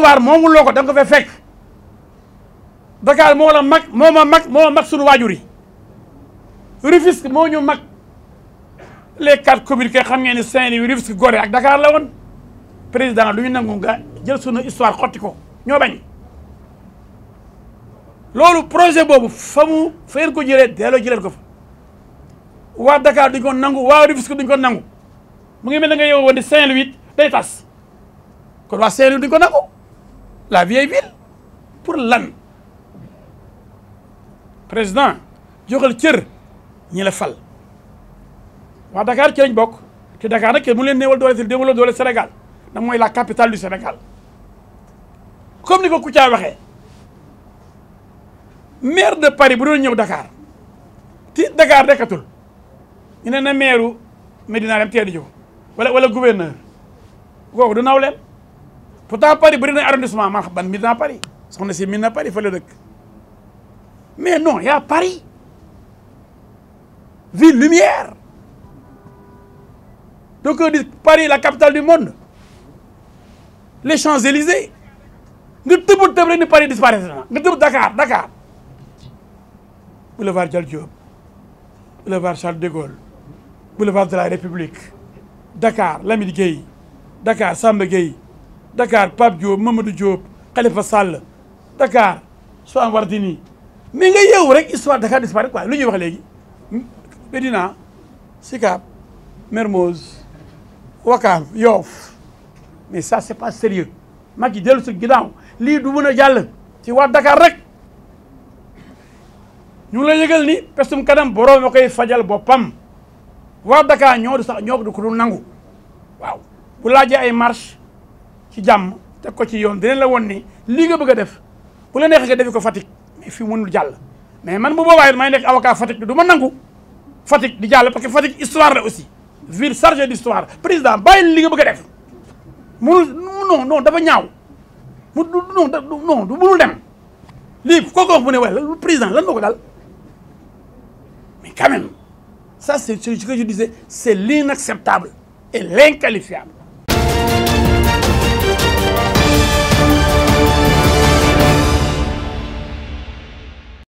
histoire moomul loko ko da nga ko fay fekk Dakar moo la mak moo ma mag moo mag suñu waajur yi Rufisque moo ñu mag les quatre communes kay xam ngeen ne Saint-Louis Rufisque gore ak Dakar la woon président lu ñu nangu nga jël sunu histoire xotti ko ñoo bañ loolu projet boobu fa mu fayal ko jëlee delloo jëlee ko fa Dakar duñ nangu waa Rufisque duñ nangu mu ngi mel nga yow di Saint-Louis day tas kon waa Saint-Louis duñ nangu. la vieille ville pour lan président joxal Kir, la fal Dakar ci lañ Dakar il mu la capitale du Sénégal comme ni ko dit, maire de Paris bu Dakar ti Dakar na maire Medina a gouverneur pourtant Paris il y arrondissement man ban ce qu'on Paris soxna faire à Paris mais non il y' a Paris ville lumière donc on dit Paris la capitale du monde les Champs-Élysées Nous tëb pas rek que Paris disparaître Nous sommes Dakar Dakar boulevard Dial boulevard Charles de Gaulle boulevard de la République Dakar Lamine Gueye Dakar Sambe Gueye Dakar Pape Diop Mamadou Diop Khalifa Sall Dakar Soham Wardini mais nga yeewu rek histoire Dakar disparaître quoi lu ñuy wax léegi Medina Sicap Mermoz Wakaam Yoff mais ça c'est pas sérieux Macky dellu lii du mën a jàll ci waa Dakar rek ñu la yëgal ni pestum kanam borom ma fajal boppam waa Dakar ñoo du sax ñoo du ko du nangu waaw bu laajee ay marche ci te ko ci la ni nga def bu la mais mënul jall mais man bu may avocat du ma nangu di parce que histoire la aussi ville chargée d'histoire président def non non dafa ñaaw non non du dem ne président mais quand même ça c'est ce que je disais c'est l'inacceptable et l'inqualifiable